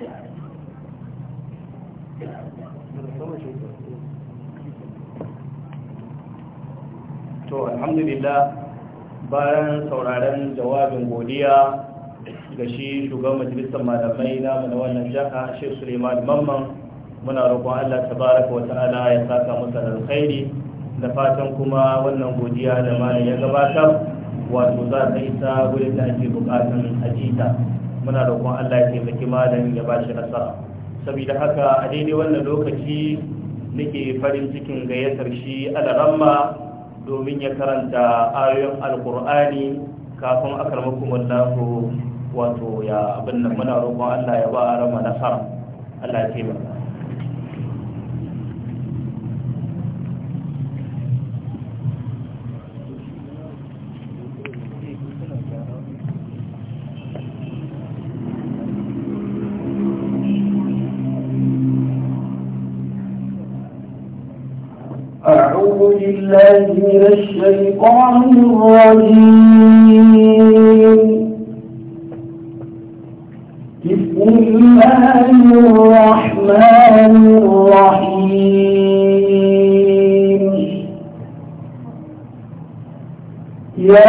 to alhamdulillah bayan sauraren jawabin godiya ga shi shugaban majalisar malamai na mana wannan jaka shi suleiman mamman muna roƙon allah tabaraka wa ta'ala ya saka masa alkhairi da fatan kuma wannan godiya da malam ya gabatar wato za ta isa gurin da ake buƙatar ajita muna kuma Allah ya taimaki malam ya ba shi nasara saboda haka a daidai wannan lokaci nake farin cikin gayyatar shi alaramma domin ya karanta ayoyin alkur'ani kafin a akarmakum wallahu wato ya abin nan muna roƙon Allah ya ba rama nasara Allah ya taimaka الشيطان الرجيم بسم الله الرحمن الرحيم يا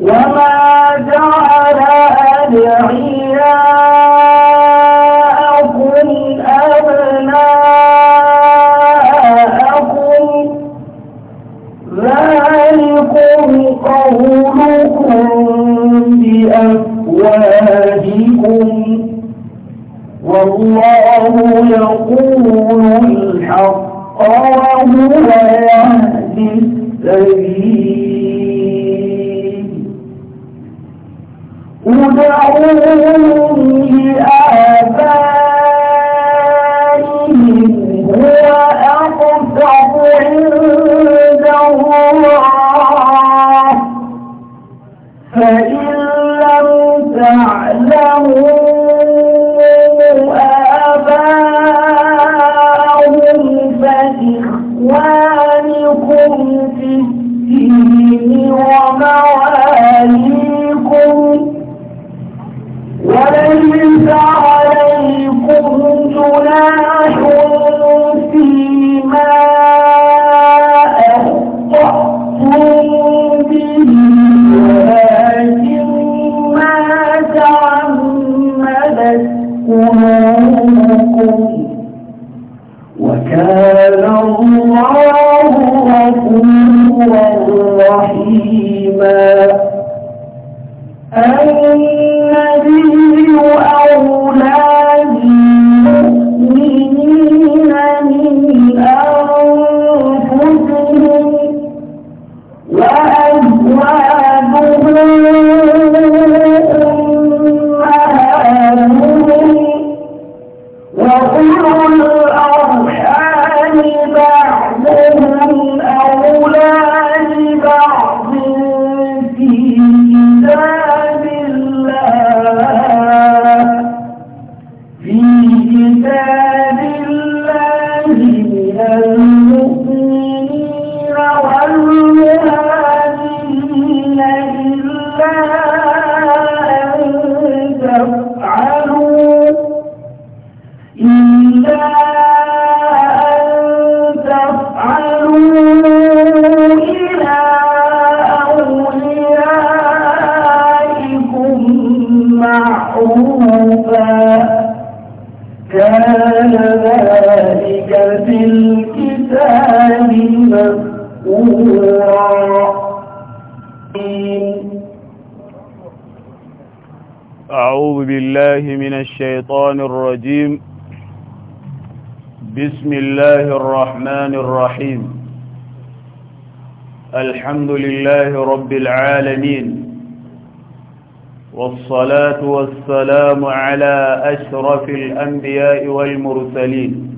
وما جعل أدعياءكم أبناءكم ذلكم قولكم بأفواهكم والله يقول الحق وهو يهدي السبيل h العالمين والصلاة والسلام على أشرف الأنبياء والمرسلين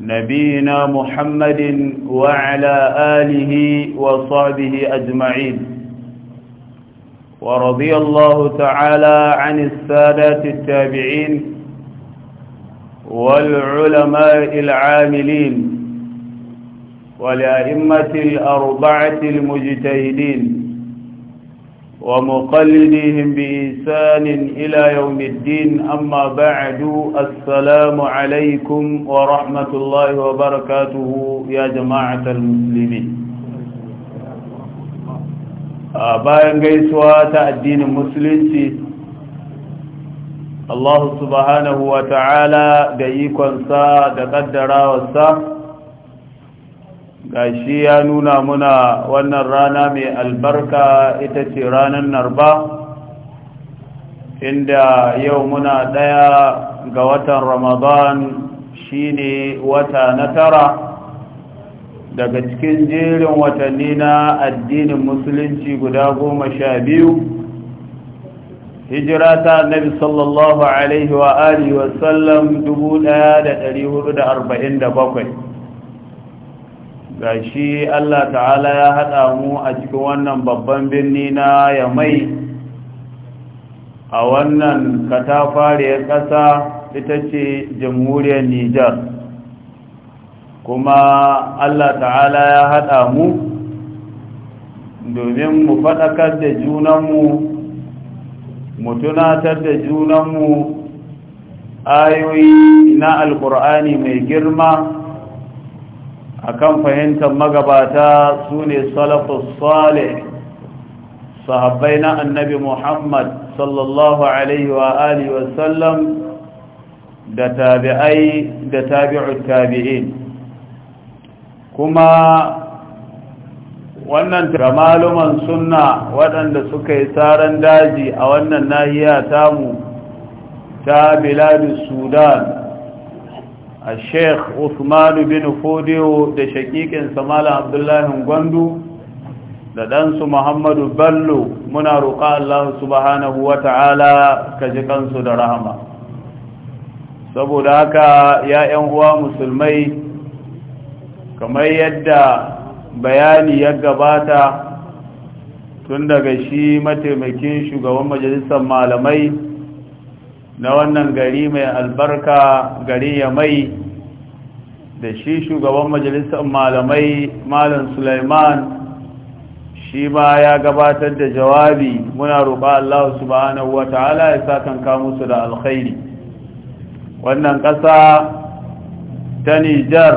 نبينا محمد وعلى آله وصحبه أجمعين ورضي الله تعالى عن السادات التابعين والعلماء العاملين والأئمة الأربعة المجتهدين ومقلديهم بإحسان إلى يوم الدين أما بعد السلام عليكم ورحمة الله وبركاته يا جماعة المسلمين bayan gaisuwa ta addinin musulunci Allah subhanahu wa ta'ala da ikonsa da ƙaddarawarsa gashi ya nuna muna wannan rana mai albarka ita ce ranar narba inda yau muna ɗaya ga watan ramadan ne wata na tara daga cikin jerin watanni na addinin musulunci guda goma sha biyu hijira ta annabi sallallahu alaihi wa alihi wasallam 1447 shi Allah ta'ala ya haɗa mu a cikin wannan babban birni na yamai a wannan katafariyar ƙasa ita ce jamhuriyar Nijar kuma Allah ta'ala ya haɗa mu domin mu faɗakar da junanmu mu tunatar da junanmu ayoyi na alkur'ani mai girma akan fahimtar magabata su ne salafus salih sahabbai na annabi muhammad sallallahu alaihi wa alihi wasallam da tabi'ai da tabi'ut tabi'in kuma wannan da maluman sunna waɗanda suka yi tsaron daji a wannan nahiya tamu ta biladu sudan a sheikh usmanu bin fodiyo da shaƙiƙin malam abdullahi gwandu da ɗansu muhammadu bello muna roƙa allahu subhanahu wa ta'ala ka ji kansu da rahama saboda haka ya yan uwa musulmai kamar yadda bayani ya gabata tun daga shi mataimakin shugaban majalisar malamai na wannan gari mai albarka gari ya mai da shi shugaban majalisar malamai malam Sulaiman shi ma ya gabatar da jawabi muna roƙa Allah subhanahu ta'ala ya kan kamu musu da alkhairi wannan ƙasa ta Nijar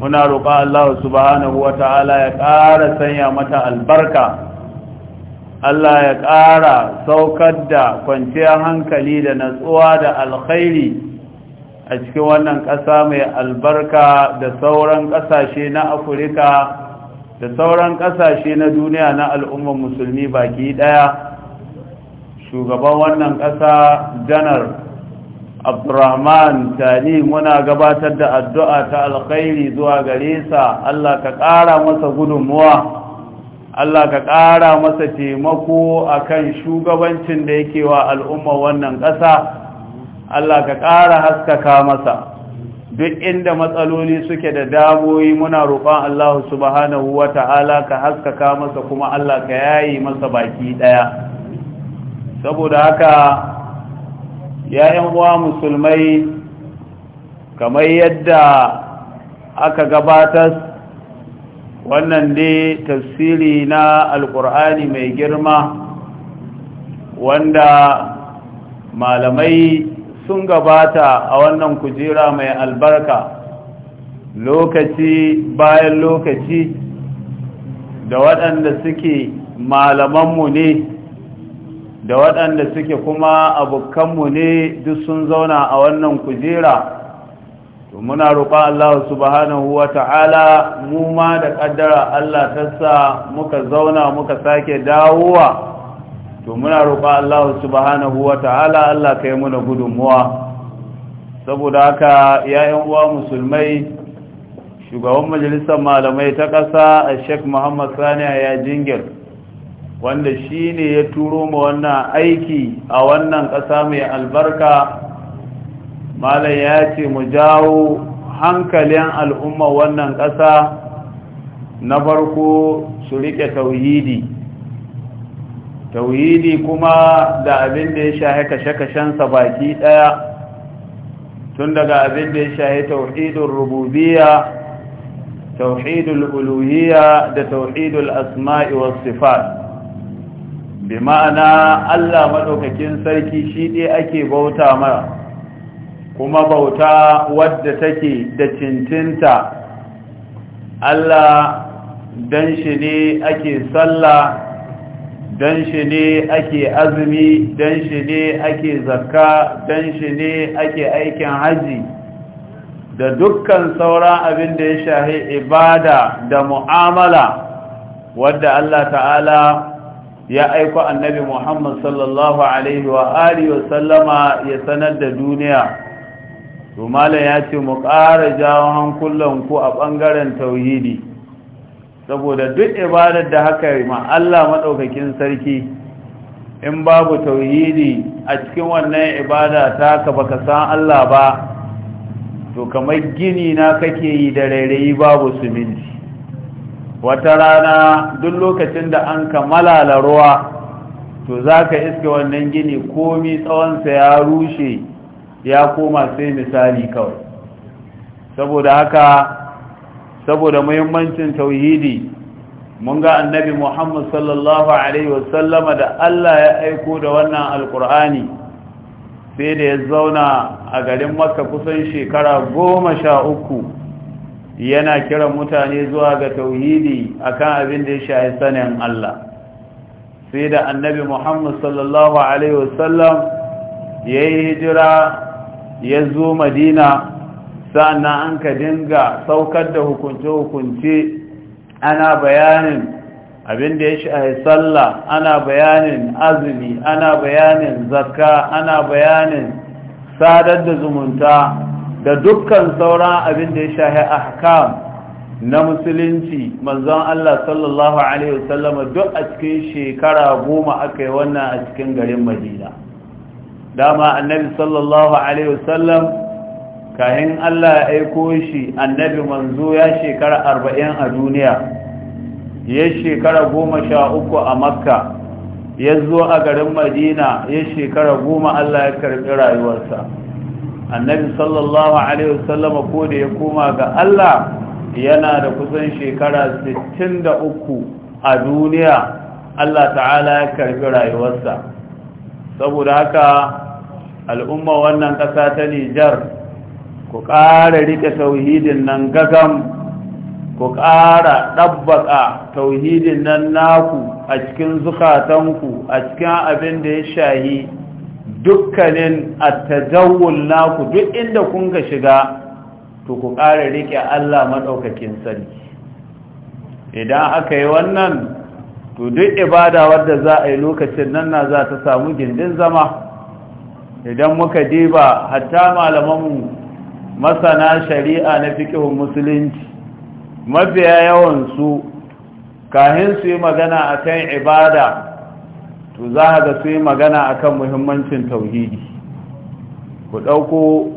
muna Allahu Allah subhanahu ta'ala ya ƙara sanya mata albarka Allah ya ƙara saukar da kwanciyar hankali da natsuwa da alkhairi a cikin wannan ƙasa mai albarka da sauran ƙasashe na afirka da sauran ƙasashe na duniya na al'ummar musulmi baki ɗaya shugaban wannan ƙasa janar abdurrahman tani muna gabatar da addu'a ta alkhairi zuwa gare sa Allah ka ƙara masa gudunmuwa Allah ka ƙara masa taimako a kan shugabancin da yake wa al'umma wannan ƙasa Allah ka ƙara haskaka masa duk inda matsaloli suke da damoyi muna roƙon Allah subhanahu ta’ala ka haskaka masa kuma Allah ka yayi masa baki ɗaya saboda haka ya'yan uwa musulmai kamar yadda aka gabatar wannan dai tafsiri na alkur'ani mai girma wanda malamai sun gabata a wannan kujera mai albarka lokaci bayan lokaci da waɗanda suke malamanmu ne da waɗanda suke kuma abokanmu ne duk sun zauna a wannan kujera to muna roƙa Allah subhanahu wa ta'ala mu ma da ƙaddara Allah ta sa muka zauna muka sake dawowa to muna roƙa Allah subhanahu wa ta'ala Allah kai muna gudunmuwa saboda haka yayin uwa musulmai shugaban majalisar malamai ta ƙasa a sheik muhammad saniya ya jingir wanda shi ne ya turo ma wannan aiki a wannan ƙasa mai albarka malam ya ce mu jawo hankalin al'umma wannan ƙasa na farko su riƙe tauhidi tauhidi kuma da abin da ya shahe kashe-kashensa baki ɗaya tun daga abin da ya shahe tauhidul Rububiya, tauhidul uluhiyya da tauhidul asma'i was sifat bi ma'ana Allah maɗaukakin sarki shi ɗaya ake bauta mara kuma bauta wadda take da cincinta Allah dan shi ne ake sallah dan shi ne ake azumi dan shi ne ake zakka dan shi ne ake aikin haji da dukkan sauran abin da ya shahi ibada da mu'amala wadda Allah ta'ala ya aiko annabi Muhammad sallallahu alaihi wa alihi wa sallama ya sanar da duniya to malam ya ce mu ƙara jawo hankulan ku a ɓangaren tauhidi saboda duk ibadar da haka ma Allah maɗaukakin sarki in babu tauhidi a cikin wannan ibada ta ka baka san Allah ba to kamar gini na kake yi da rairayi babu suminti wata rana duk lokacin da an kammala ruwa to za ka iske wannan gini komi tsawonsa ya rushe ya koma sai misali kawai saboda haka saboda muhimmancin tauhidi mun ga annabi muhammad sallallahu alaihi wasallama da allah ya aiko da wannan alkur'ani sai da ya zauna a garin makka kusan shekara goma sha uku yana kiran mutane zuwa ga tauhidi akan abin da ya shahi sanin allah sai da annabi muhammad sallallahu alaihi wasallam ya yi hijira ya zo madina na an ka dinga saukar da hukunce-hukunce ana bayanin abin da ya shahi sallah ana bayanin azumi ana bayanin zakka ana bayanin sadar da zumunta da dukkan sauran abin da ya shahi ahkam na musulunci manzon Allah sallallahu alaihi wasallama duk a cikin shekara goma aka yi wannan a cikin garin madina dama annabi sallallahu alaihi wasallam kahin Allah ya aiko shi annabi manzo ya shekara arba'in a duniya ya shekara goma sha uku a makka ya zo a garin madina ya shekara goma Allah ya karɓi rayuwarsa annabi sallallahu alaihi wasallam ko da ya koma ga Allah yana da kusan shekara 63 a duniya Allah ta'ala ya karbi rayuwarsa saboda haka al'umma wannan ƙasa ta nijar ku ƙara rike tauhidin nan gagam ku ƙara ɗabbaƙa tauhidin nan naku a cikin zukatanku a cikin abin da ya shahi dukkanin attajawul naku duk inda kun ka shiga to ku ƙara riƙe Allah maɗaukakin sarki idan aka yi wannan to duk ibada wadda za a yi lokacin nan na za ta samu gindin zama idan muka diba hatta mu masana shari'a na fikihun musulunci mafiya su, kahin su yi magana akan ibada to za ga su yi magana akan muhimmancin tauhidi ku ɗauko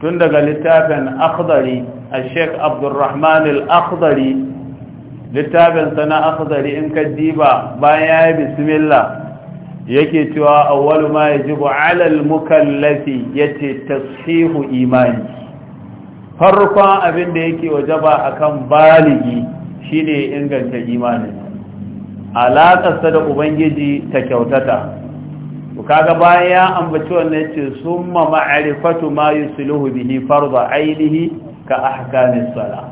tun daga littafin akhdari a sheik abdurrahman al-akhdari littafinsa na akhdari in ka diba bayan ya yi bismillah yake cewa awwalu ma yajibu 'ala al-mukallafi yace tashihu imani farkon abin da yake wajaba akan baligi shine inganta imanin alaƙarsa da ubangiji ta kyautata kaga bayan ya ambaci wannan yace summa ma'rifatu ma yusluhu bihi farda ainihi ka ahkamis sala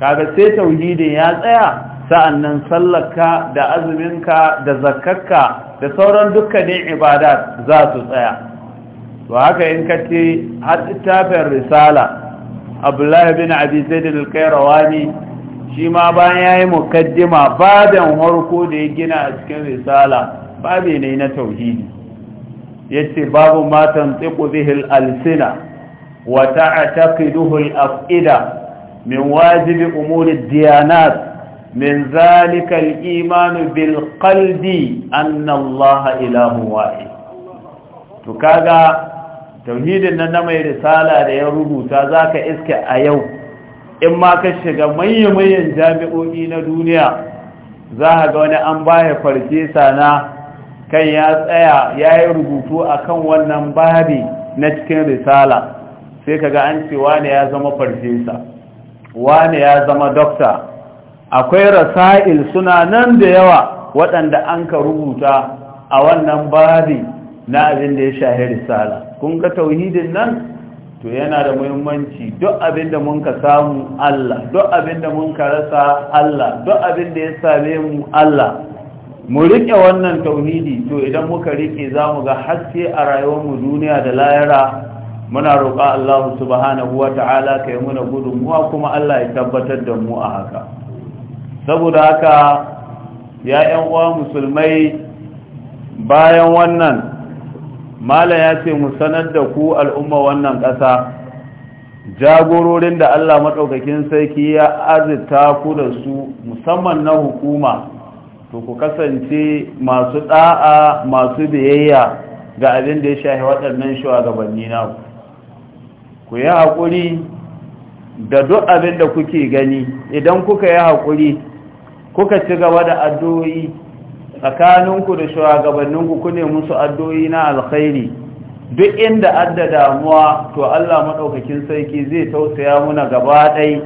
kaga sai tauhidin ya tsaya sa'annan sallarka da azuminka da zakkarka da sauran dukkanin ibadat za su tsaya to haka in ka ce littafin risala abdullahi bin abi zaidin alkairawani shi ma bayan ya yi mukaddima babin harko da ya gina a cikin risala babi ne na tauhidi ya ce babu matan tsiku zihil alsina wata a taƙiduhul af'ida min wajibi umurin diyanat min zalika al-iman bil qalbi anna Allah ilahu wahid to kaga tauhidin nan na mai risala da ya rubuta zaka iske a yau in ma ka shiga manya-manyan jami'o'i na duniya za a ga wani an baya farfesa na kan ya tsaya ya yi rubutu a kan wannan babi na cikin risala sai ka ga an ce wane ya zama farfesa wane ya zama dokta akwai rasa'il suna nan da yawa waɗanda an ka rubuta a wannan babi na abin da ya shahi risala kun ga tauhidin nan to yana da muhimmanci duk abin da mun ka samu Allah duk abin da mun ka rasa Allah duk abin da ya same mu Allah mu riƙe wannan tauhidi to idan muka riƙe za mu ga haske a rayuwar mu duniya da layara muna roƙa Allah subhanahu wa ta'ala ka yi muna gudunmuwa kuma Allah ya tabbatar da mu a haka saboda haka ya yan uwa musulmai bayan wannan mala ya ce mu sanar da ku al'umma wannan ƙasa jagororin da Allah maɗaukakin sarki ya azita ku da su musamman na hukuma to ku kasance masu ɗa'a masu biyayya ga abin da ya shahi waɗannan shugabanni na ku yi haƙuri da duk abin da kuke gani idan kuka yi haƙuri kuka ci gaba da addu'o'i tsakaninku da shugabanninku ku ne musu addu'o'i na alkhairi duk inda adda damuwa to Allah madaukakin sarki zai tausaya muna gaba ɗai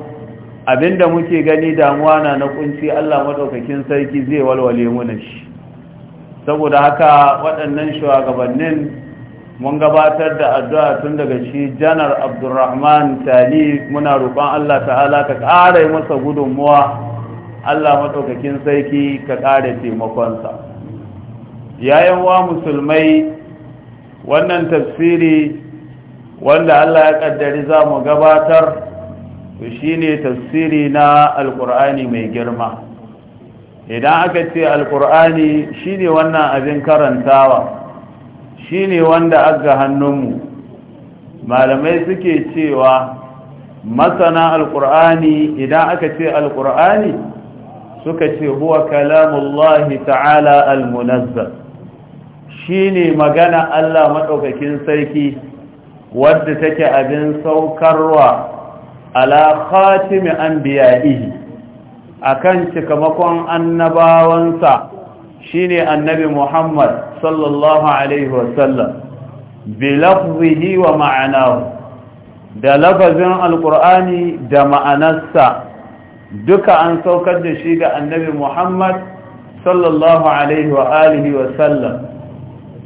abinda muke gani damuwa na na kunci Allah madaukakin sarki zai walwale muna shi saboda haka waɗannan shugabannin mun gabatar da addu'a tun daga shi janar Abdulrahman tani muna roƙon Allah ta'ala ka ƙara masa gudunmuwa Allah maɗaukakin sarki ka ƙara taimakonsa yayan wa musulmai wannan tafsiri wanda Allah ya ƙaddari za mu gabatar to ne tafsiri na alƙur'ani mai girma idan aka ce alƙur'ani ne wannan abin karantawa shine wanda aga hannunmu malamai suke cewa masana alƙur'ani idan aka ce alƙur'ani suka ce huwa kalamullahi ta'ala al-munazzal shine magana Allah madaukakin sarki wadda take abin saukarwa ala khatimi anbiya'ihi akan cikamakon annabawansa shine annabi Muhammad sallallahu alaihi wasallam bilafzihi wa ma'anahu da lafazin alqur'ani da ma'anarsa duka an saukar da shi ga annabi muhammad sallallahu alaihi wa alihi wa sallam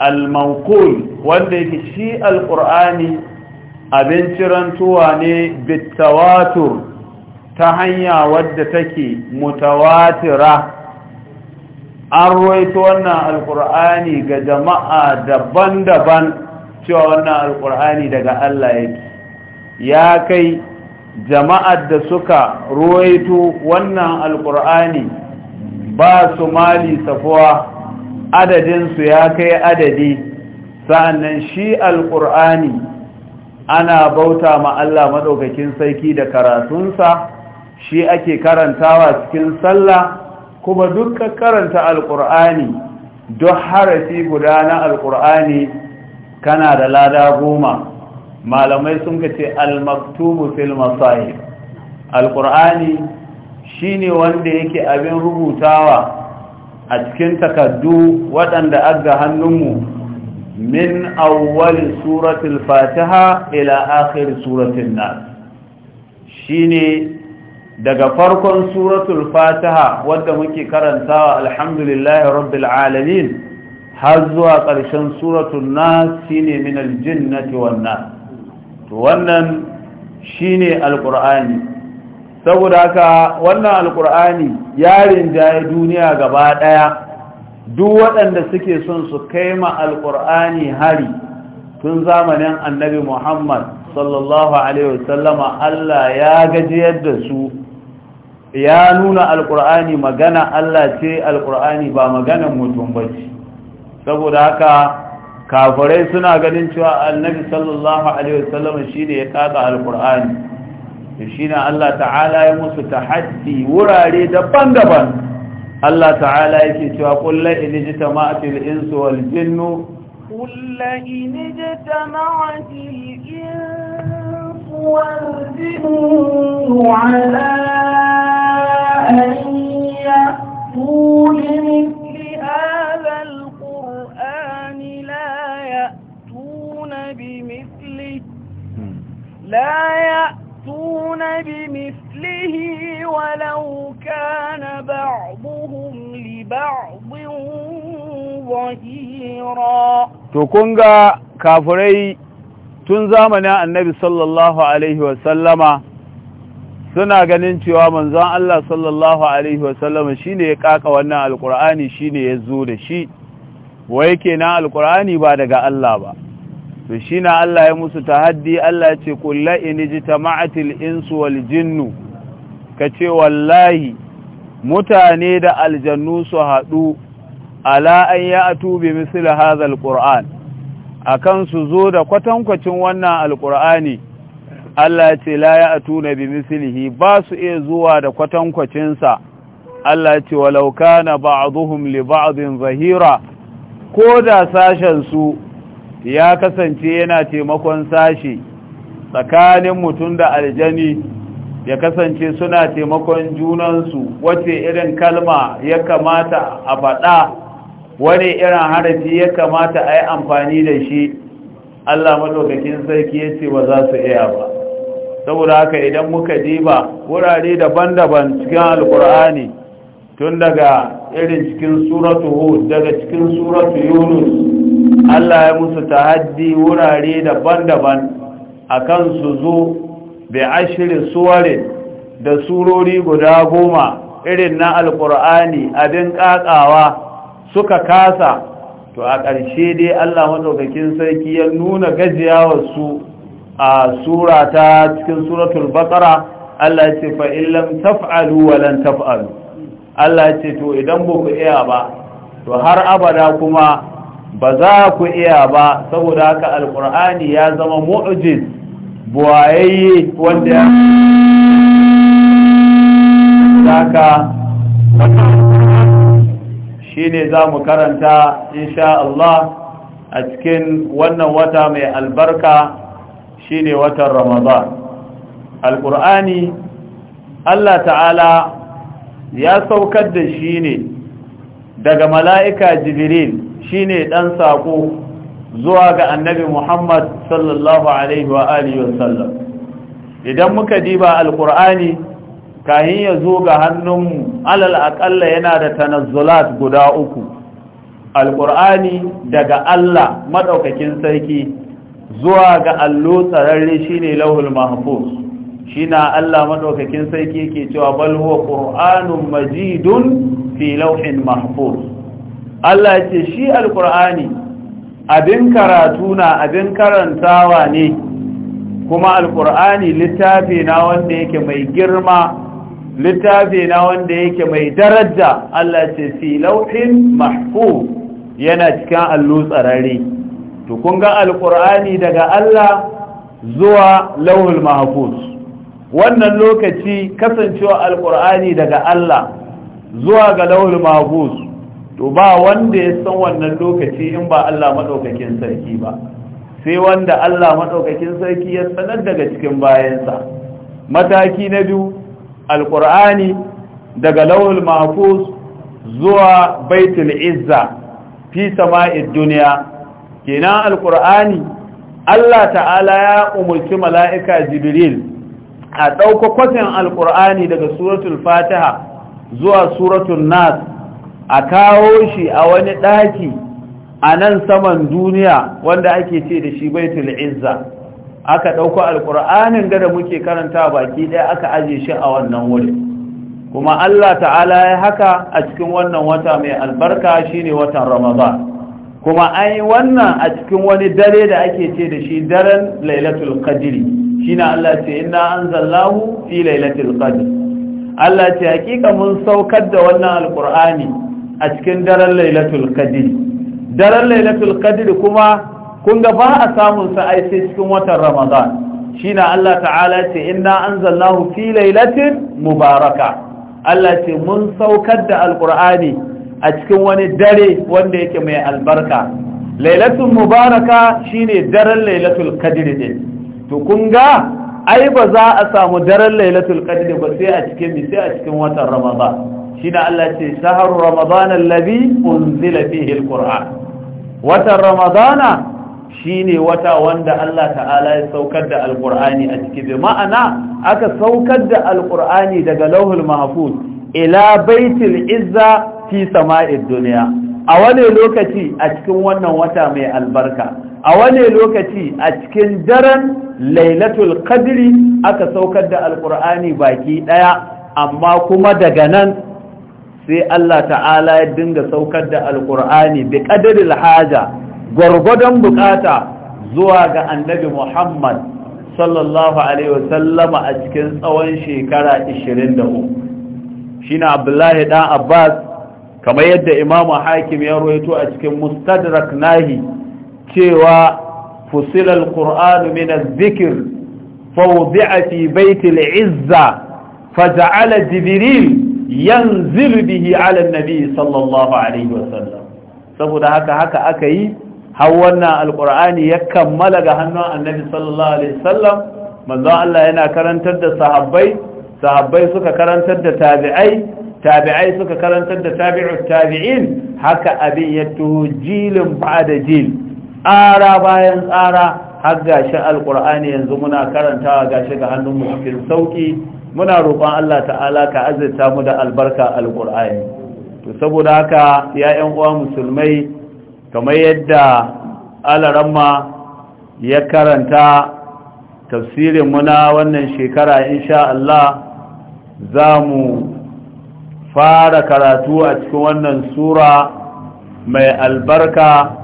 al-manqul wanda yake shi al-qur'ani abin cirantuwa ne bitawatur ta hanya wadda take mutawatira an roito wannan alkur'ani ga jama'a daban-daban cewa wannan alkur'ani daga Allah yake ya kai jama'ar da suka ruwaito wannan alkur'ani ba su mali safuwa adadinsu ya kai adadi sa'annan shi alkur'ani ana bauta ma Allah maɗaukakin sarki da karatunsa shi ake karantawa cikin sallah kuma duka karanta alkur'ani duk harafi guda na alkur'ani kana da lada goma malamai sun ka ce al-maktubu fil masahib al-qur'ani shine wanda yake abin rubutawa a cikin takaddu waɗanda aga hannunmu min awwal suratul fatiha ila akhir suratul nas shine daga farkon suratul fatiha wanda muke karantawa alhamdulillahi rabbil alamin har zuwa ƙarshen suratul nas shine min aljinnati wan nas to wannan shine alkur'ani saboda haka wannan alqur'ani ya rinjaye duniya gaba daya duk waɗanda suke son su kai ma alqur'ani hari tun zamanin annabi Muhammad sallallahu alaihi wasallama Allah ya gajiyar da su ya nuna alkur'ani magana Allah ce Alƙur'ani ba maganan mutum ba saboda haka kafirai suna ganin cewa annabi sallallahu alaihi wasallam shine ya kaka alqur'ani shine Allah ta'ala ya musu tahaddi wurare daban-daban Allah ta'ala yake cewa qul la in jitama'atil insu wal jinnu qul la in jitama'atil insu wal jinnu ala لا يأتون بمثله ولو كان بعضهم لبعض ظهيرا تكونغا كافري tun zamanin annabi sallallahu alaihi wasallama suna ganin cewa manzon Allah sallallahu alaihi wasallama shine ya kaka wannan alqur'ani shine ya zo da shi wai kenan alqur'ani ba daga Allah ba to shi na Allah ya musu tahaddi Allah ce kulla ta ma'atil insu wal jinnu ka ce wallahi mutane da aljannu su haɗu ala an ya atu bi misali hazal ƙur'an a kan su zo da kwatankwacin wannan alƙur'ani Allah ce la ya a tuna bi misalihi ba su iya zuwa da kwatankwacinsa Allah ce walauka na ba'aduhum li ba'adin zahira ko da sashensu ya kasance yana taimakon sashi tsakanin mutum da aljani ya kasance suna taimakon junansu wace irin kalma ya kamata a faɗa wani irin harafi ya kamata a yi amfani da shi Allah maɗaukakin sarki ya ce ba za su iya ba saboda haka idan muka diba wurare daban-daban cikin alkur'ani tun daga irin cikin suratu hud daga cikin suratu yunus Allah ya musu tahaddi wurare daban-daban a kan su zo bi ashirin suwarin da surori guda goma irin na alkur'ani abin ƙaƙawa suka kasa to a ƙarshe dai Allah maɗaukakin sarki ya nuna gajiyawar su a sura ta cikin suratul baƙara Allah ya ce fa lam taf'alu wa lam taf'alu Allah ya ce to idan ba ku iya ba to har abada kuma ba za ku iya ba saboda haka alkur'ani ya zama mu'jiz buwayayye wanda ya zaka shi ne za mu karanta insha Allah a cikin wannan wata mai albarka shi ne watan ramadan alkur'ani Allah ta'ala ya saukar da shi ne daga mala'ika jibril shine ɗan saƙo zuwa ga annabi Muhammad sallallahu alaihi wa alihi wasallam idan muka diba alqur'ani kahin ya zo ga hannun alal akalla yana da tanazzulat guda uku alqur'ani daga Allah maɗaukakin sarki zuwa ga allo tsararre shine lauhul mahfuz shi na Allah maɗaukakin sarki ke cewa bal huwa ƙur'anun majidun fi lauhin mahfuz Allah ce shi alkur'ani abin karatu na abin karantawa ne kuma alkur'ani littafi na wanda yake mai girma littafi na wanda yake mai daraja Allah ce fi lauhin mahfu. yana cikin allo tsarare to kun ga alkur'ani daga Allah zuwa lauhul mahfuz wannan lokaci kasancewa alkur'ani daga Allah zuwa ga lauhul mahfuz to ba wanda ya san wannan lokaci in ba Allah madaukakin sarki ba sai wanda Allah madaukakin sarki ya sanar daga cikin bayansa mataki na biyu alqur'ani daga lawul mahfuz zuwa baitul izza fi sama'id duniya kenan alqur'ani Allah ta'ala ya umurci mala'ika jibril a ɗauka kwatin alqur'ani daga suratul fatiha zuwa suratul nas a kawo shi a wani ɗaki a nan saman duniya wanda ake ce da shi baitul izza aka ɗauko alƙur'anin gada muke karanta baki ɗaya aka aje shi a wannan wuri kuma Allah ta'ala ya haka a cikin wannan wata mai albarka shine watan ramadan kuma ai wannan a cikin wani dare da ake ce da shi daren lailatul qadri shine Allah ce inna anzalahu fi lailatul qadr Allah ce hakika mun saukar da wannan alƙur'ani a cikin daren lailatul Kadiri, daren lailatul Kadiri kuma kun ga ba a samun sa ai sai cikin watan ramadan shine Allah ta'ala ce inna anzalnahu fi lailatin mubaraka Allah ce mun saukar da alqur'ani a cikin wani dare wanda yake mai albarka lailatul mubaraka shine daren lailatul Kadiri din to kun ga ai ba za a samu daren lailatul qadr ba sai a cikin mi sai a cikin watan ramadan shine Allah ce shahru ramadan allazi unzila fihi alquran watan ramadana shine wata wanda Allah ta'ala ya saukar da alqur'ani a cikin bi ma'ana aka saukar da alqur'ani daga lauhul mahfuz ila baitil izza fi sama'id dunya a wani lokaci a cikin wannan wata mai albarka a wane lokaci a cikin daren lailatul qadri aka saukar da alkur'ani baki daya amma kuma daga nan sai Allah ta'ala ya dinga saukar da alkur'ani bi qadaril haja gwargwadon bukata zuwa ga annabi Muhammad sallallahu alaihi wasallama a cikin tsawon shekara 23 shine Abdullahi dan Abbas kamar yadda imamu Hakim ya rawaito a cikin Mustadrak Nahi cewa fusilal qur'anu min adh-dhikr fawdi'a fi bayt al-izza faja'ala jibril yanzilu bihi 'ala an-nabi sallallahu alaihi sallam saboda haka haka aka yi har wannan qur'ani ya kammala ga hannun annabi sallallahu alaihi sallam manzo Allah yana karantar da sahabbai sahabbai suka karantar da tabi'ai tabi'ai suka karantar da tabi'ut tabi'in haka abin ya tuho jilin ba da jil tsara bayan tsara har gashi alkur'ani yanzu muna karantawa gashi ga hannunmu cikin sauki muna roƙon Allah ta'ala ka azurta mu da albarka alkur'ani to saboda haka ya ƴan uwa musulmai kamar yadda alaramma ya karanta tafsirin muna wannan shekara insha Allah za mu fara karatu a cikin wannan sura mai albarka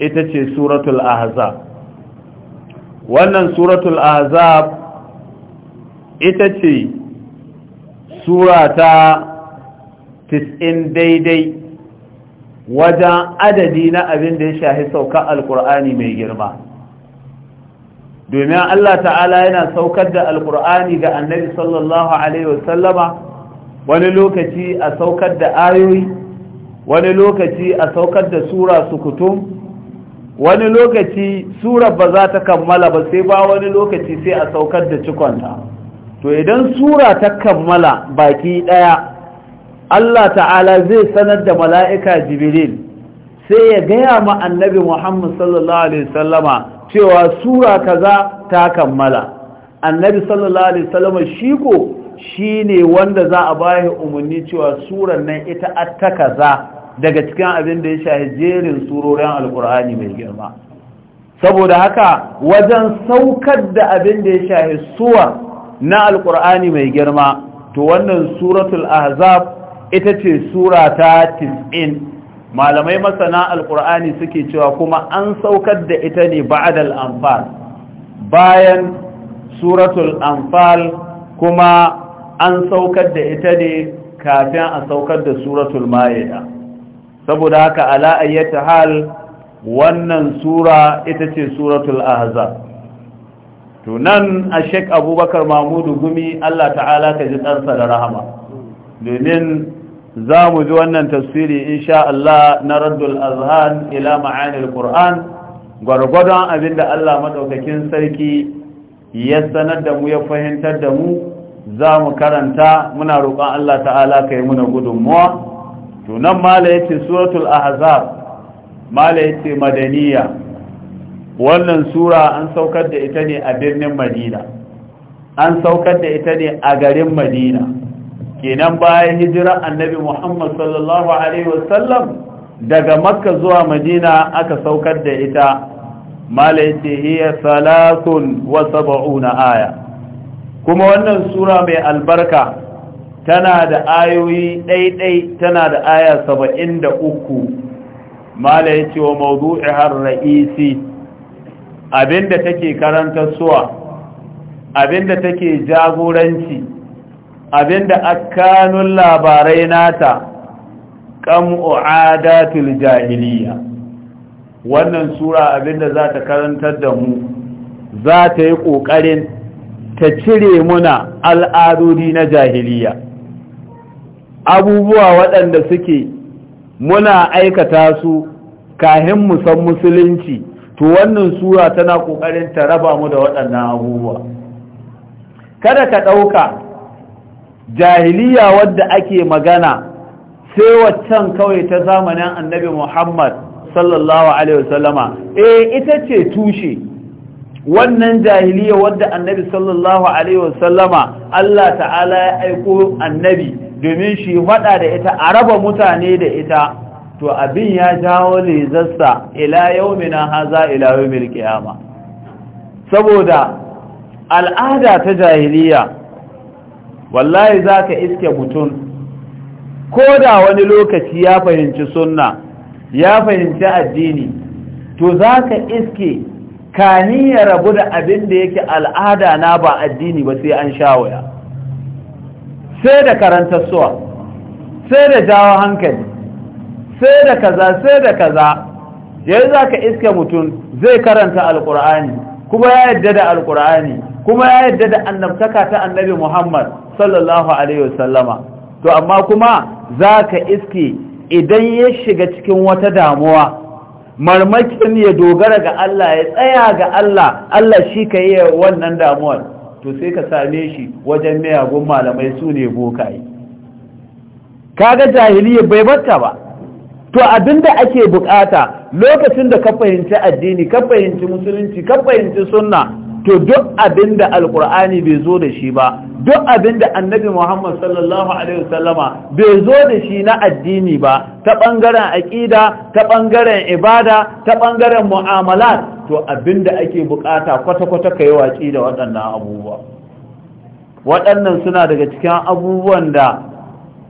ita ce suratul ahzab wannan suratul ahzab ita ce surata tis'in daidai wajen adadi na abin da ya shahi sauka alkur'ani mai girma domin Allah ta'ala yana saukar da alkur'ani ga annabi sallallahu alaihi wasallama wani lokaci a saukar da ayoyi wani lokaci a saukar da sura sukutum wani lokaci surar ba za ta kammala ba sai ba wani lokaci sai a saukar da cikonta to idan sura ta kammala baki ɗaya Allah ta'ala zai sanar da mala'ika jibril sai ya gaya ma annabi Muhammad sallallahu Alaihi wasallama cewa sura kaza ta kammala annabi sallallahu Alaihi wasallama shi ko shi ne wanda za a bayan umarni cewa surar nan ita ta kaza daga cikin abin da ya shahi jerin surorin alkur'ani mai girma saboda haka wajen saukar da abin da ya shahi suwa na alkur'ani mai girma to wannan suratul ahzab ita ce sura ta 90 malamai masana alkur'ani suke cewa kuma an saukar da ita ne ba'dal anfal bayan suratul anfal kuma an saukar da ita ne kafin a saukar da suratul ma'ida saboda haka ala ayyata hal wannan sura ita ce suratul ahzab to nan a shek abubakar mahmudu gumi allah ta'ala ka ji ɗansa da rahama domin za mu ji wannan tafsiri insha Allah na raddul azhan ila ma'anil qur'an gwargwadon abinda allah maɗaukakin sarki ya sanar da mu ya fahimtar da mu za mu karanta muna roƙon allah ta'ala ka yi muna gudunmuwa Tunan nan mala yace suratul ahzab mala yace madaniya wannan sura an saukar da ita ne a birnin madina an saukar da ita ne a garin madina kenan bayan hijira annabi muhammad sallallahu alaihi wasallam daga makka zuwa madina aka saukar da ita mala yace hiya salatun wa sab'una aya kuma wannan sura mai albarka tana da ayoyi ɗaiɗai tana da aya saba'in da uku mala ya ce wa mawdu'i har ra'isi abinda take karanta suwa abinda take jagoranci abinda akanun labarai nata kam'u adatul jahiliya wannan sura abinda za ta karantar da mu za ta yi ƙoƙarin ta cire muna al'adodi na jahiliya abubuwa waɗanda suke muna aikata su kahin mu san musulunci to wannan sura tana ƙoƙarin ta raba mu da waɗannan abubuwa kada ka ɗauka jahiliya wadda ake magana sai waccan kawai ta zamanin annabi muhammad sallallahu alaihi wasallama eh ita ce tushe wannan jahiliya wadda annabi sallallahu alaihi wasallama Allah ta'ala ya aiko annabi domin shi faɗa da ita a raba mutane da ita to abin ya jawo lezarsa ila yaumina haza ila yaumil qiyama saboda al'ada ta jahiliya wallahi zaka iske mutum ko da wani lokaci ya fahimci sunna ya fahimci addini to zaka iske kani ya rabu da abin da yake al'ada na ba addini ba sai an shawaya sai da karantar suwa sai da jawo hankali sai da kaza sai da kaza yayin za ka iske mutum zai karanta alkur'ani kuma ya yadda da alkur'ani kuma ya yadda da annabtaka ta annabi muhammad sallallahu alaihi wasallama to amma kuma za ka iske idan ya shiga cikin wata damuwa marmakin ya dogara ga Allah ya tsaya ga Allah Allah shi ka yi wannan damuwar to sai ka same shi wajen miyagun malamai su ne bokaye kaga jahiliya bai barka ba to abinda ake bukata lokacin da ka fahimci addini ka fahimci musulunci ka fahimci sunna to duk abin da alkur'ani bai zo da shi ba duk abin da annabi muhammad sallallahu alaihi wasallama bai zo da shi na addini ba ta ɓangaren aƙida ta ɓangaren ibada ta ɓangaren mu'amalat to abin da ake bukata kwata-kwata ka yi watsi da waɗannan abubuwa waɗannan suna daga cikin abubuwan da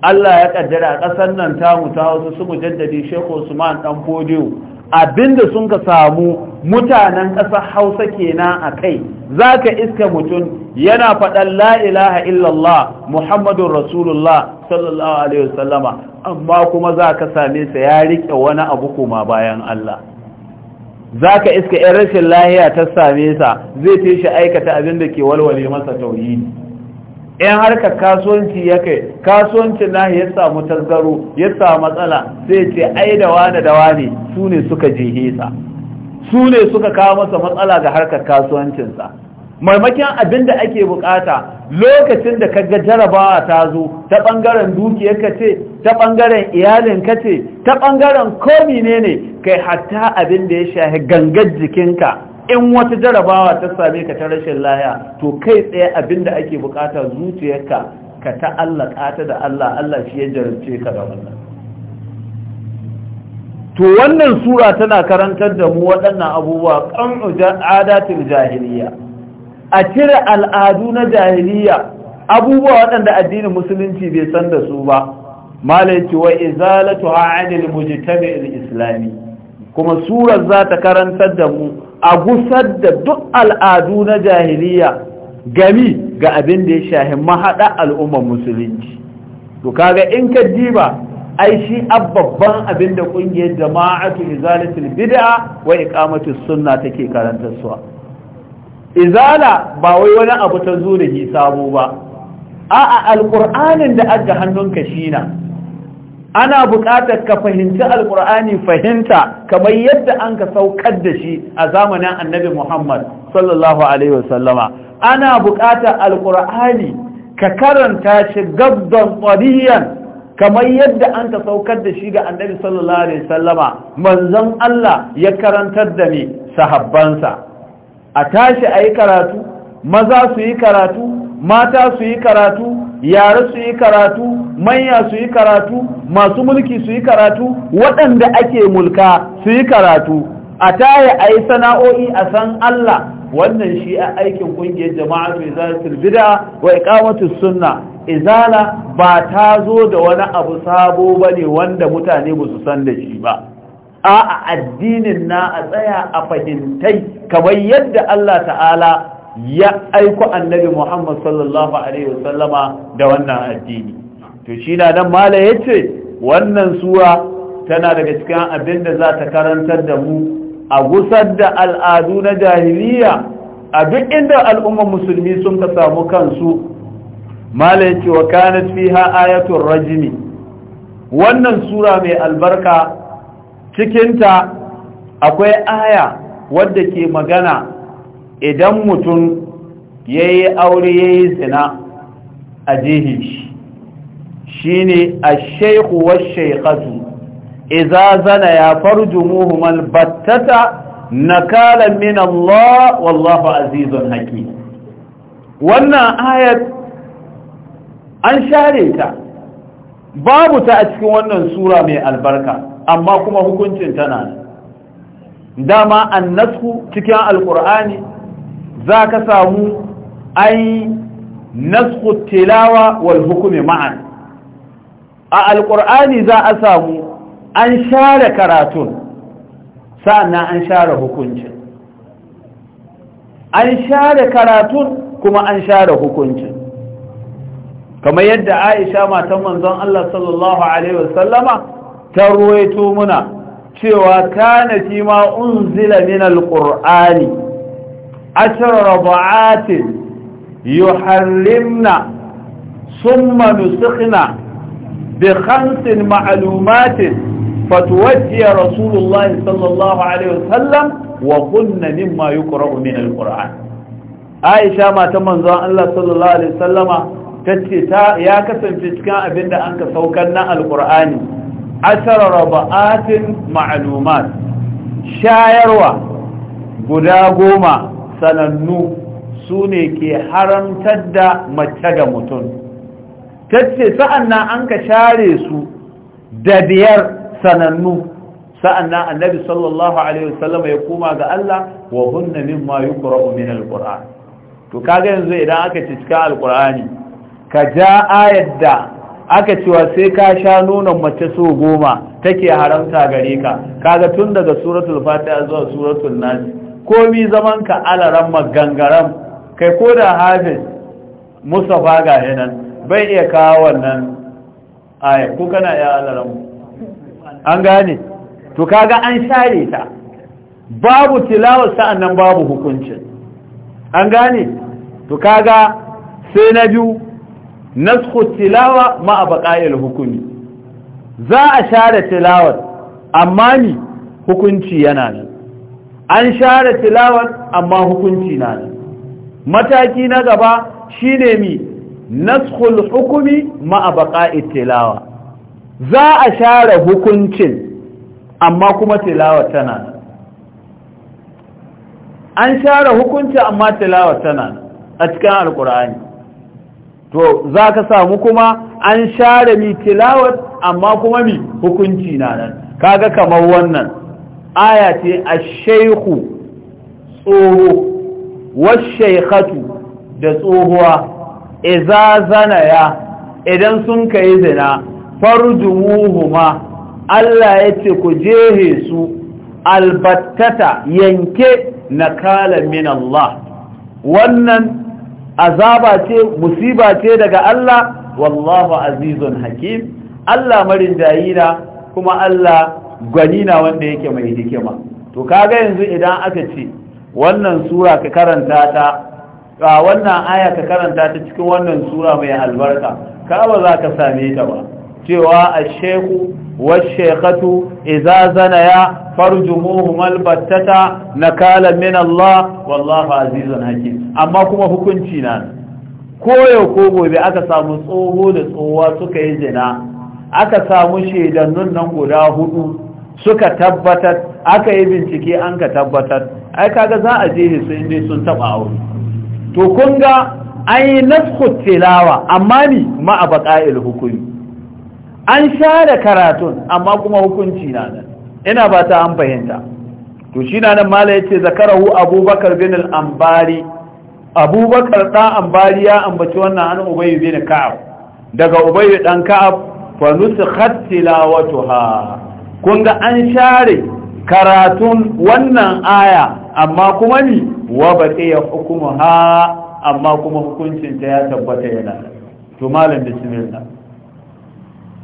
allah ya ƙaddara a ƙasar nan tamu ta hausa su mujaddadi shekhu usman ɗan fodiyo abinda sun ka samu mutanen ƙasar hausa kenan a kai za ka iska mutum yana faɗan la'ilaha illallah muhammadun rasulullah sallallahu alaihi wasallama amma kuma za ka same sa ya riƙe wani abu kuma bayan Allah za ka iska ‘yan rashin lahiya ta same sa zai ce shi aikata abin da ke walwale masa tauhidi in harka kasuwanci ya kai kasuwanci na ya samu tasgaro ya samu matsala sai ce ai da wane da wane su ne suka jihisa su ne suka kawo masa matsala ga harkar kasuwancinsa maimakon abin da ake bukata lokacin da kaga jarabawa ta zo ta bangaren dukiyar ka ce ta bangaren iyalin ka ce ta bangaren komi ne ne kai hatta abin da ya shahi gangar jikinka in wata jarabawa ta same ka ta rashin laya to kai tsaye abinda ake bukata zuciyarka ka ta'allaka ta da Allah Allah shi ya jarabce ka da wannan to wannan sura tana karantar da mu waɗannan abubuwa kan adatul jahiliya a cire al'adu na jahiliya abubuwa waɗanda addinin musulunci bai san da su ba malai ce wa izalatu ha'adil mujtami'il islami kuma surar za ta karantar da mu a gusar da duk al'adu na jahiliya gami ga abin da ya shahi mahaɗa al'ummar musulunci to kaga in ka diba ai shi babban abin da ƙungiyar jama'atu izalatul Bida'a wa iqamatus sunna take karantar suwa izala ba wai wani abu ta zo da sabo ba a'a alqur'anin da aka hannunka na. ana buƙatar ka fahimci alƙur'ani fahimta kamar yadda an ka saukar da shi a zamanin annabi muhammad sallallahu alaihi wasallama ana buƙatar alƙur'ani ka karanta shi gabdon tsariyan kamar yadda an ka saukar da shi ga annabi sallallahu alaihi wasallama manzon allah ya karantar da ni sahabbansa a tashi a yi karatu maza su yi karatu mata su yi karatu yare su yi karatu manya su yi karatu masu mulki su yi karatu waɗanda ake mulka su yi karatu a taya a yi sana'o'i a san Allah wannan shi a aikin ƙungiyar jama'atu izalatul bid'a wa iqamatus sunna izala ba ta zo da wani abu sabo bane wanda mutane ba su san da shi ba A'a addinin na a tsaya a fahimtai kamar yadda Allah ta'ala ya aiko annabi Muhammad sallallahu alaihi wasallama da wannan addini to shi na nan mala yace wannan sura tana daga cikin abinda za ta karantar da mu a gusar da al'adu na jahiliya a duk inda al'ummar musulmi sun ka samu kansu mala yace wa kanat fiha ayatul rajmi wannan sura mai albarka cikinta akwai aya wadda ke magana idan mutum ya yi aure ya yi zina a jihin shi shi ne a shaikuwar shaikatu iza zana ya farju muhimman battata na kalan min Allah wallahu azizun haƙi wannan ayat an share ta babu ta a cikin wannan sura mai albarka amma kuma hukuncin tana dama nasku cikin alkur'ani za ka samu ai nasku tilawa wal hukumi ma'an a alƙur'ani za a samu an share karatun sa'annan an share hukuncin an share karatun kuma an share hukuncin kamar yadda aisha matan manzon Allah sallallahu alaihi wasallama ta ruwaito muna cewa kana fi ma unzila min alqur'ani ashar raba'atin yuharrimna summa nusikhna bi khamsin ma'lumatin fatuwajjiya rasulullahi sallallahu alaihi wasallam wa kunna mimma yuqra'u min alquran aisha matan manzon Allah sallallahu alaihi wasallama tace ta ya kasance cikin abinda an ka saukar na alqur'ani ashar raba'atin ma'lumat shayarwa guda goma sanannu su ne ke haramtar da mace da mutum ta ce sa'an na an ka share su da biyar sanannu sa'an sa'annan annabi sallallahu alaihi wasallam ya koma ga Allah wa hunna yi yuqra'u min alquran to kaga yanzu idan aka ci cika alqurani ka ja ayar da aka cewa sai ka sha nonon mace so goma take haramta gare ka kaga tun daga suratul fatiha zuwa suratul nasi. komi zaman ka alaran magangaran kai ko da hafiz mustapha ga nan bai iya kawo wannan aya ko kana iya alaran an gane to kaga an share ta babu tilawar sa'annan babu hukunci. an gane to kaga sai na biyu naskhu tilawa ma baqa'il hukumi za a share tilawar amma ni hukunci yana nan an share tilawar amma hukunci na ne mataki na gaba shine mi naskul hukumi ma'a baqa'i tilawa za a share hukuncin amma kuma tilawa tana an share hukunci amma tilawa tana a cikin alkur'ani to za ka samu kuma an share mi tilawar amma kuma mi hukunci na nan kaga kamar wannan aya ce a shaykhu tsoho wash da tsohuwa idza zanaya idan sun kai zina farjumuhuma Allah ce ku jehe su albattata yanke nakala min Allah wannan azaba ce musiba ce daga Allah wallahu azizun hakim Allah marin jayira kuma Allah gwani na wanda yake mai hikima to kaga yanzu idan aka ce wannan sura ka karanta ta a wannan aya ka karanta ta cikin wannan sura mai albarka ka ba za ka same ta ba cewa ash wa shekatu, shaykhatu ya zanaya farjumuhum al-battata kala min Allah wallahu azizun hakim amma kuma hukunci na ko yau ko gobe aka samu tsoho da tsohuwa suka yi zina aka samu shaidannun nan guda hudu suka tabbatar aka yi bincike an ka tabbatar ai kaga za a je su inda sun taba aure to kun ga an yi nasku tilawa amma ni ma a baƙa'il hukumi an share karatun amma kuma hukunci na nan ina ba ta an fahimta to shi na nan mala ya ce zakarahu abubakar bin al'ambari abubakar ɗan ambari ya ambaci wannan an ubayi bin ka'ab daga ubayi ɗan ka'ab fa nusu tilawatuha kun ga an share karatun wannan aya amma kuma ni wa hukumu ha, amma kuma hukuncin ta ya tabbata yana to malam bismillah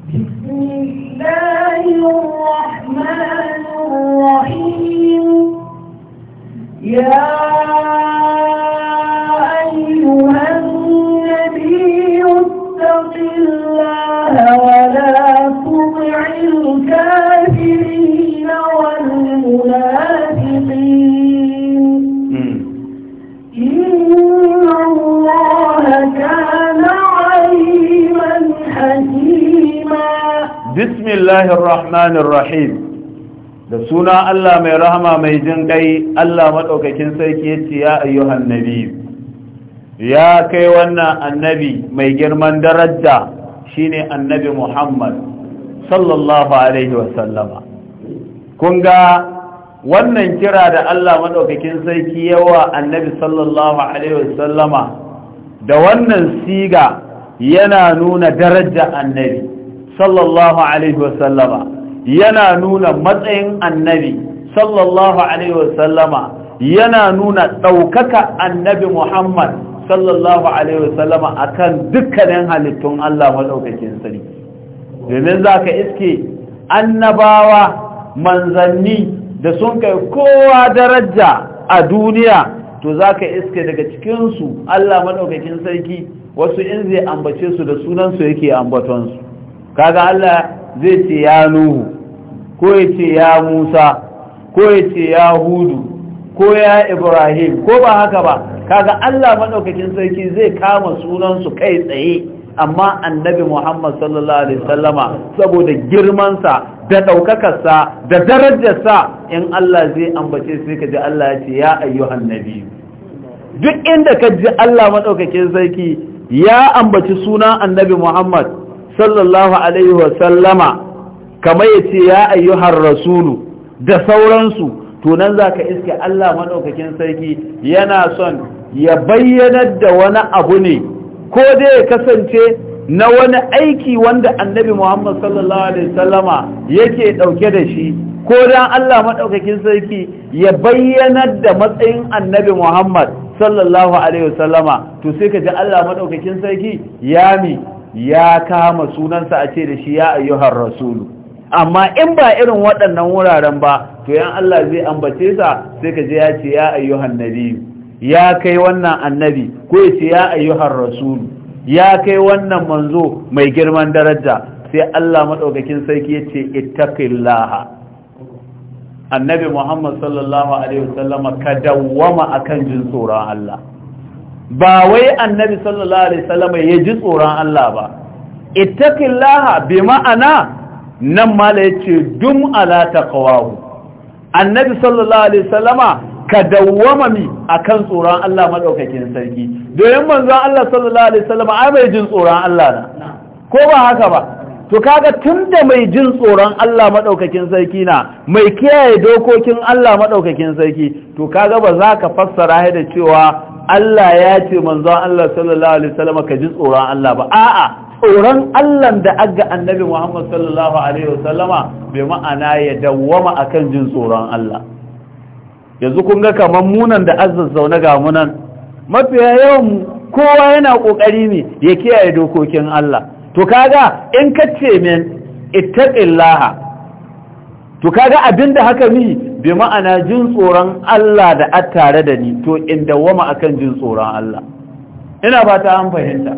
بسم الله الرحمن Ya bismillahir rahmanir rahim da suna Allah mai rahama mai jin kai Allah madaukakin sarki yace ya ayyuhan nabi ya kai wannan annabi mai girman daraja shine annabi Muhammad sallallahu alaihi wasallama kun ga wannan kira da Allah madaukakin sarki yawa annabi sallallahu alaihi wasallama da wannan siga yana nuna daraja annabi sallallahu alaihi wasallama yana nuna matsayin annabi sallallahu alaihi wasallama yana nuna ɗaukaka annabi Muhammad sallallahu alaihi wasallama akan dukkanin halittun Allah madaukakin sani, domin zaka iske annabawa manzanni da sun kai kowa daraja a duniya to zaka iske daga cikin su Allah madaukakin sarki wasu in zai ambace su da sunan su yake ambaton su kaga Allah zai ce ya nuhu ko ya ce ya musa ko ya ce ya hudu ko ya ibrahim ko ba haka ba kaga Allah maɗaukakin sarki zai kama sunansu kai tsaye amma annabi muhammad sallallahu alaihi sallama saboda girmansa da ɗaukakarsa da darajarsa in Allah zai ambace sai ka ji Allah ya ce ya ayyuhan nabi duk inda ka ji Allah maɗaukakin sarki ya ambaci suna annabi muhammad sallallahu alaihi wasallama kamar ya ce ya ayyuhar rasulu da sauransu tunan za ka iske Allah maɗaukakin sarki yana son ya bayyanar da wani abu ne ko dai ya kasance na wani aiki wanda annabi Muhammad sallallahu alaihi wasallama yake ɗauke da shi ko dan Allah maɗaukakin sarki ya bayyanar da matsayin annabi Muhammad sallallahu alaihi wasallama to sai ka ji Allah maɗaukakin sarki ya mi ya kama sunansa a ce da shi ya ayyuhar rasulu amma in ba irin waɗannan wuraren ba to yan Allah zai ambace sa sai ka je ya ce ya ayyuhan nabi ya kai wannan annabi ko ya ce ya ayyuhar rasulu ya kai wannan manzo mai girman daraja sai Allah madaukakin sarki ya ce ittaqillah annabi Muhammad sallallahu alaihi wasallama ka akan jin tsoron Allah ba wai annabi sallallahu alaihi wasallam ya ji tsoron Allah ba ittaqillaha bi ma'ana nan mala yace dum ala taqwahu annabi sallallahu alaihi wasallama ka dawwama mi akan tsoron Allah madaukakin sarki domin manzon Allah sallallahu alaihi wasallama ai bai jin tsoron Allah na ko ba haka ba to kaga tunda mai jin tsoron Allah madaukakin sarki na mai kiyaye dokokin Allah madaukakin sarki to kaga ba za ka fassara da cewa Allah ya ce manzo Allah sallallahu alaihi wasallam ka ji tsoron Allah ba a'a tsoron Allah da aga annabi Muhammad sallallahu alaihi wasallama bai ma'ana ya dawwama akan jin tsoron Allah yanzu kun ga kaman munan da azzan zaune ga munan mafiya yawan kowa yana kokari ne ya kiyaye dokokin Allah to kaga in kace min ittaqillaha to kaga abinda haka ni bi ma'ana jin tsoron Allah da a tare da ni to inda dawama akan jin tsoron Allah ina ba ta an fahimta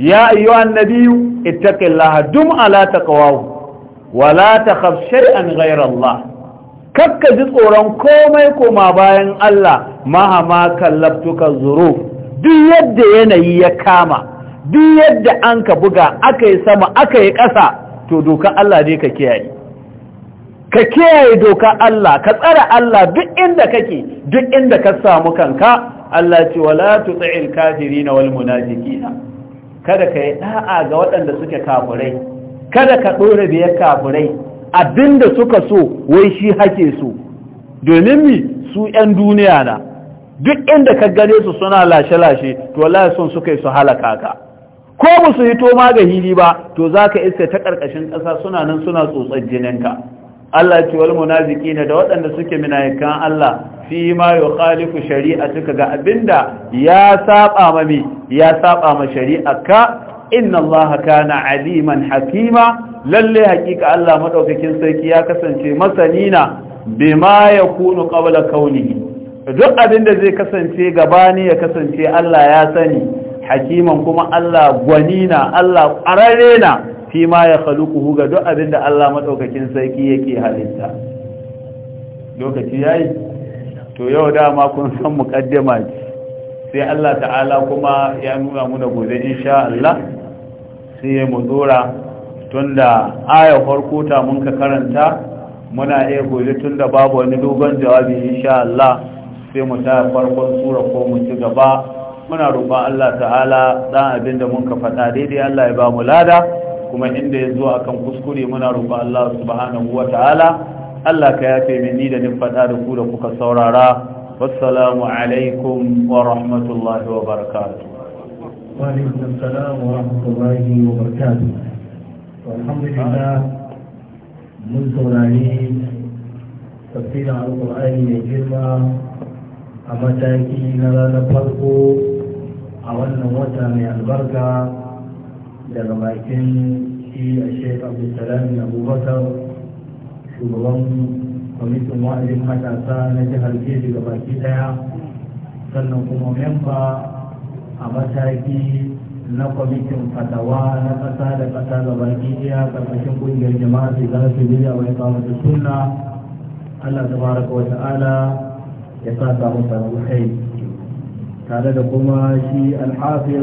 ya ayyuha annabiyyu ittaqillaha dum ala taqwahu wa la takhaf shay'an ghayra Allah kakka ji tsoron komai koma bayan Allah mahama kallabtuka zuruf duk yadda yanayi ya kama duk yadda an ka buga aka yi sama aka yi ƙasa to doka Allah ne ka kiyaye ka kiyaye doka Allah ka tsara Allah duk inda kake duk inda ka samu kanka Allah ce wala tuti'il kafirina wal munafiqina kada ka yi da'a ga waɗanda suke kafirai kada ka dore biyar kafirai abinda suka so wai shi hake so domin mi su 'yan duniya na duk inda ka gane su suna lashe-lashe to wallahi son suka yi su halaka ka ko musu yi hito ma ga hili ba to zaka ka iska ta ƙarƙashin ƙasa suna nan suna tsotsar jininka Allah ce wal munafiqina da waɗanda suke minayikan Allah fi ma yukhalifu shari'atuka ga abinda ya saba mami ya saba ma shari'aka inna Allah kana aliman hakima lalle hakika Allah madaukakin sarki ya kasance masanina bima yakunu qabla kaunihi duk abinda zai kasance gabani ya kasance Allah ya sani hakiman kuma Allah gwanina Allah ƙararrena fi ma ya khaluquhu ga duk abin da Allah madaukakin sarki yake halitta lokaci yayi to yau dama kun san muqaddima sai Allah ta'ala kuma ya nuna muna gobe insha Allah sai mu dora tunda ayar farko ta mun ka karanta muna iya gobe tunda babu wani dogon jawabi insha Allah sai mu ta farkon sura ko mu ci gaba muna roƙon Allah ta'ala dan abin da mun ka faɗa daidai Allah ya ba mu lada kuma inda ya zo akan kuskure muna roƙon Allah subhanahu wa ta'ala Allah ka yafe mini da nin fada da ku da kuka saurara wassalamu alaikum wa rahmatullahi wa barakatuh wa alaikum salam wa rahmatullahi wa barakatuh alhamdulillah mun saurari tafsirin alqur'ani mai girma a mataki na ranar farko a wannan wata mai albarka daga bakin shi a shek abdulsalam abubakar shugaban kwamitin wa'azin matasa na jihar keji ga baki daya sannan kuma memba a mataki na kwamitin fatawa na ƙasa da ƙasa ga baki daya ƙarƙashin ƙungiyar jama'a su za su biya wa ya da sunna allah tabaraka wa ta'ala ya sa samu sarari tare da kuma shi alhafiz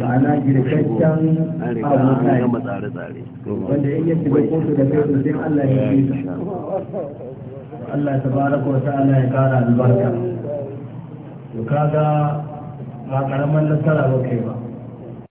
ma'ana girkakken abu tsare wanda in yake da kotu da kai sosai Allah ya yi Allah ta baraka wa ta'ala ya kara albarka to kaga ba karaman nasara ba kai ba